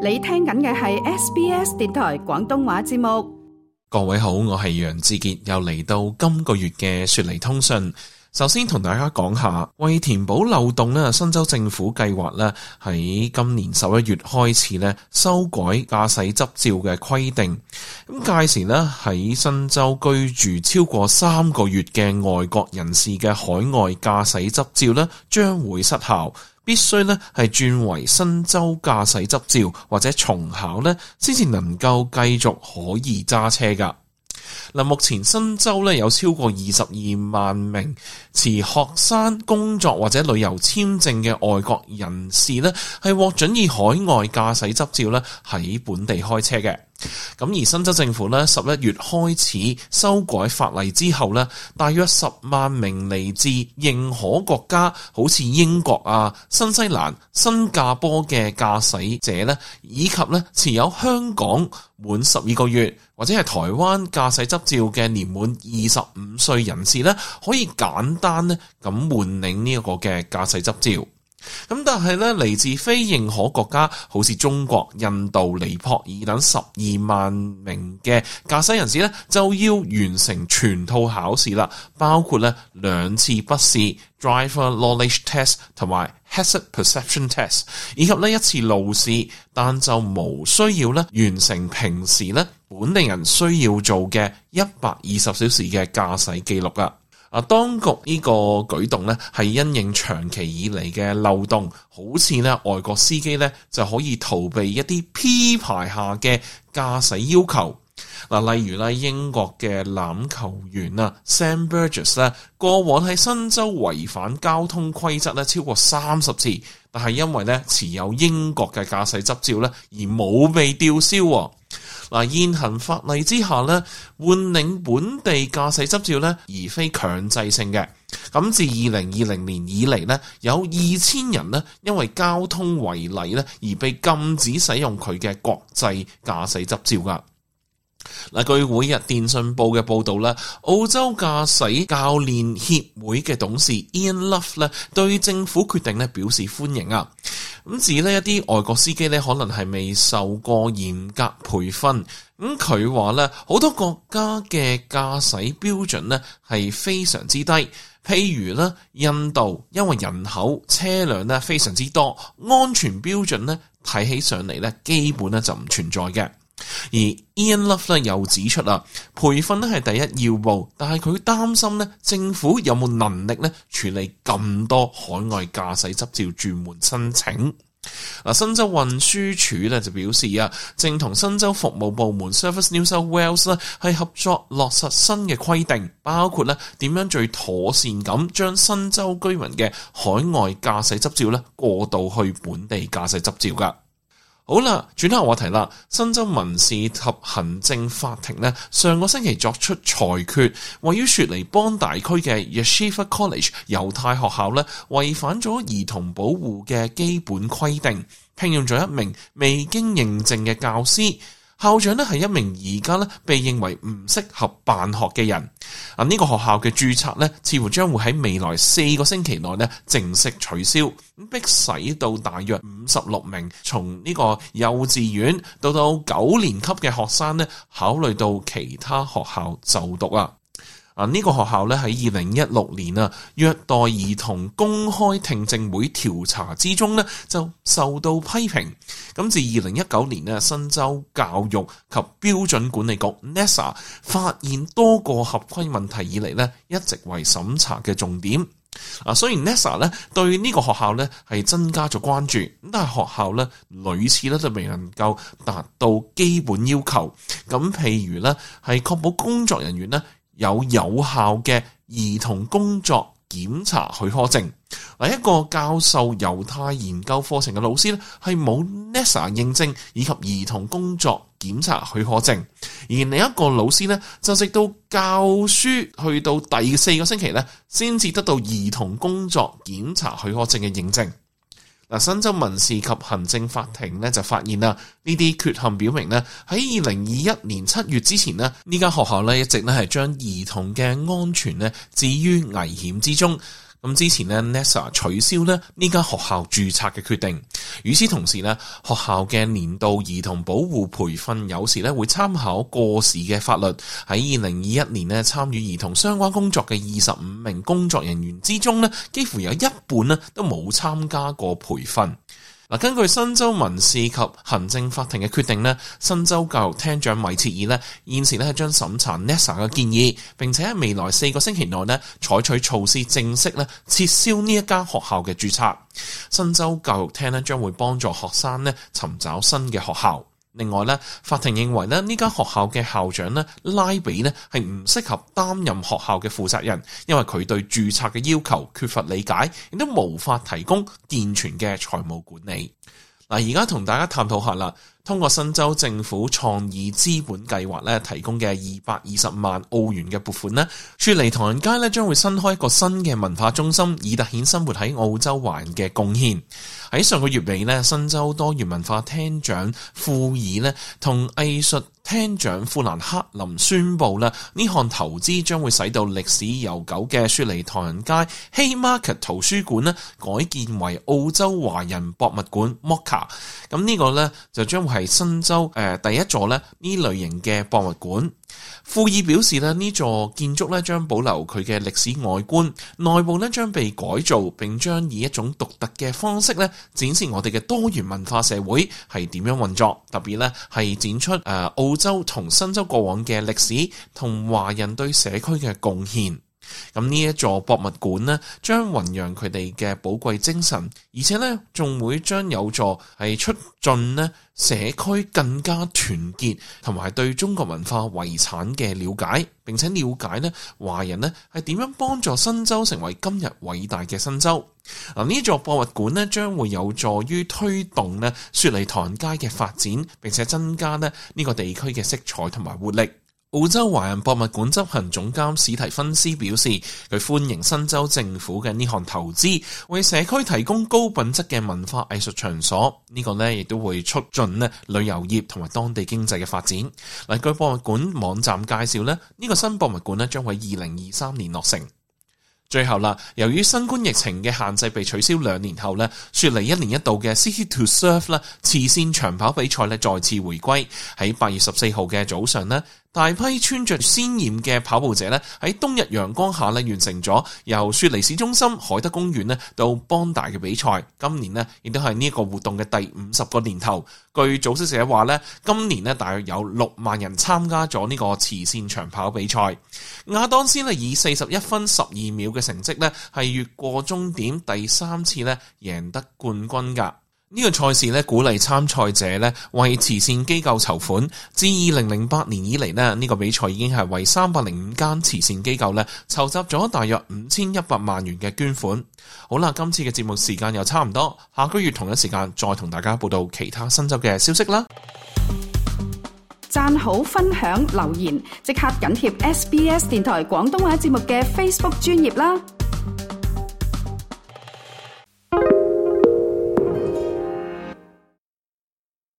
你聽緊嘅係 SBS 電台廣東話節目，各位好，我係楊智傑，又嚟到今個月嘅雪梨通訊。首先同大家講下，為填補漏洞呢，新州政府計劃呢喺今年十一月開始呢修改駕駛執照嘅規定。咁屆時呢喺新州居住超過三個月嘅外國人士嘅海外駕駛執照呢將會失效。必須咧，係轉為新州駕駛執照或者重考咧，先至能夠繼續可以揸車噶嗱，目前新州咧，有超過二十二萬名持學生、工作或者旅遊簽證嘅外國人士咧，係獲准以海外駕駛執照咧喺本地開車嘅。咁而新州政府咧十一月開始修改法例之後呢，大約十萬名嚟自認可國家，好似英國啊、新西蘭、新加坡嘅駕駛者呢，以及咧持有香港滿十二個月或者係台灣駕駛執照嘅年滿二十五歲人士呢，可以簡單咧咁換領呢個嘅駕駛執照。咁但係咧，嚟自非認可國家，好似中國、印度、尼泊爾等十二萬名嘅駕駛人士咧，就要完成全套考試啦，包括咧兩次筆試 （Driver Knowledge Test） 同埋 （Hazard Perception Test），以及咧一次路試，但就冇需要咧完成平時咧本地人需要做嘅一百二十小時嘅駕駛記錄啦。啊！當局呢個舉動咧，係因應長期以嚟嘅漏洞，好似咧外國司機咧就可以逃避一啲 P 牌下嘅駕駛要求。嗱，例如咧英國嘅籃球員啊 Sam Burgess 咧，過往喺新州違反交通規則咧超過三十次，但係因為咧持有英國嘅駕駛執照咧，而冇被吊銷。嗱，現行法例之下咧，換領本地駕駛執照咧，而非強制性嘅。咁自二零二零年以嚟咧，有二千人咧，因為交通違例咧，而被禁止使用佢嘅國際駕駛執照噶。嗱，據每日電訊報嘅報導咧，澳洲駕駛教練協會嘅董事 Ian Love 咧，對政府決定咧表示歡迎啊！咁至於呢一啲外國司機咧，可能係未受過嚴格培訓。咁佢話咧，好多國家嘅駕駛標準咧係非常之低。譬如咧，印度因為人口車輛咧非常之多，安全標準咧睇起上嚟咧，基本咧就唔存在嘅。而 Ian Love 咧又指出啦，培訓咧係第一要務，但係佢擔心咧，政府有冇能力咧處理咁多海外駕駛執照轉門申請？嗱，新州運輸署咧就表示啊，正同新州服務部門 Service New South Wales 咧係合作落實新嘅規定，包括咧點樣最妥善咁將新州居民嘅海外駕駛執照咧過渡去本地駕駛執照噶。好啦，轉下話題啦。新州民事及行政法庭呢，上個星期作出裁決，位於雪梨邦大區嘅 Yeshiva College 猶太學校呢，違反咗兒童保護嘅基本規定，聘用咗一名未經認證嘅教師。校長呢係一名而家呢被認為唔適合辦學嘅人。啊，呢個學校嘅註冊呢，似乎將會喺未來四個星期內呢正式取消，咁逼使到大約，十六名從呢個幼稚園到到九年級嘅學生咧，考慮到其他學校就讀啊，啊、這、呢個學校咧喺二零一六年啊，虐待兒童公開聽證會調查之中咧，就受到批評。咁自二零一九年啊，新州教育及標準管理局 NESA 發現多個合規問題以嚟咧，一直為審查嘅重點。啊，雖然 NESA 咧對呢個學校咧係增加咗關注，咁但係學校咧屢次咧都未能夠達到基本要求，咁譬如咧係確保工作人員咧有有效嘅兒童工作，檢查許可證，另一個教授猶太研究課程嘅老師咧，係冇 NESA 認證以及兒童工作檢查許可證，而另一個老師咧，就直到教書去到第四個星期咧，先至得到兒童工作檢查許可證嘅認證。嗱，新州民事及行政法庭咧就發現啦，呢啲缺陷表明咧，喺二零二一年七月之前咧，呢間學校咧一直咧係將兒童嘅安全咧置於危險之中。咁之前呢 NASA 取消呢呢間學校註冊嘅決定。與此同時呢學校嘅年度兒童保護培訓有時呢會參考過時嘅法律。喺二零二一年呢參與兒童相關工作嘅二十五名工作人員之中呢幾乎有一半呢都冇參加過培訓。根據新州民事及行政法庭嘅決定咧，新州教育廳長米切爾咧，現時咧將審查 NESA 嘅建議，並且喺未來四個星期內咧採取措施，正式咧撤銷呢一間學校嘅註冊。新州教育廳咧將會幫助學生咧尋找新嘅學校。另外咧，法庭認為咧，呢間學校嘅校長咧，拉比咧，係唔適合擔任學校嘅負責人，因為佢對註冊嘅要求缺乏理解，亦都無法提供健全嘅財務管理。嗱，而家同大家探討下啦。通過新州政府創意資本計劃咧，提供嘅二百二十萬澳元嘅撥款咧，雪梨唐人街咧將會新開一個新嘅文化中心，以凸顯生活喺澳洲華人嘅貢獻。喺上個月尾咧，新州多元文化廳長庫爾咧同藝術廳長富蘭克林宣布啦，呢項投資將會使到歷史悠久嘅雪梨唐人街 Haymarket 圖書館咧改建為澳洲華人博物館 Moka。咁呢、ok、個呢，就將會係。係新州誒第一座咧呢類型嘅博物館。富爾表示咧，呢座建築咧將保留佢嘅歷史外觀，內部咧將被改造，並將以一種獨特嘅方式咧展示我哋嘅多元文化社會係點樣運作。特別咧係展出誒澳洲同新州過往嘅歷史同華人對社區嘅貢獻。咁呢一座博物館呢，將弘揚佢哋嘅寶貴精神，而且呢仲會將有助係促進呢社區更加團結，同埋對中國文化遺產嘅了解，並且了解呢華人呢係點樣幫助新州成為今日偉大嘅新州。嗱呢座博物館呢，將會有助於推動呢雪梨堂街嘅發展，並且增加呢呢個地區嘅色彩同埋活力。澳洲華人博物館執行總監史提芬斯表示，佢歡迎新州政府嘅呢項投資，為社區提供高品質嘅文化藝術場所。呢、這個呢亦都會促進咧旅遊業同埋當地經濟嘅發展。嗱，據博物館網站介紹咧，呢、這個新博物館咧將會二零二三年落成。最後啦，由於新冠疫情嘅限制被取消兩年後呢，雪梨一年一度嘅 City to Surf 啦慈善長跑比賽咧再次回歸，喺八月十四號嘅早上咧。大批穿着鮮艷嘅跑步者咧，喺冬日陽光下咧，完成咗由雪梨市中心海德公園咧到邦大嘅比賽。今年咧亦都係呢個活動嘅第五十個年頭。據組織者話咧，今年咧大約有六萬人參加咗呢個慈善長跑比賽。亞當斯咧以四十一分十二秒嘅成績咧，係越過終點第三次咧贏得冠軍噶。呢個賽事咧鼓勵參賽者咧為慈善機構籌款。自二零零八年以嚟咧呢個比賽已經係為三百零五間慈善機構咧籌集咗大約五千一百萬元嘅捐款。好啦，今次嘅節目時間又差唔多，下個月同一時間再同大家報道其他新州嘅消息啦。讚好、分享、留言，即刻緊貼 SBS 電台廣東話節目嘅 Facebook 專頁啦。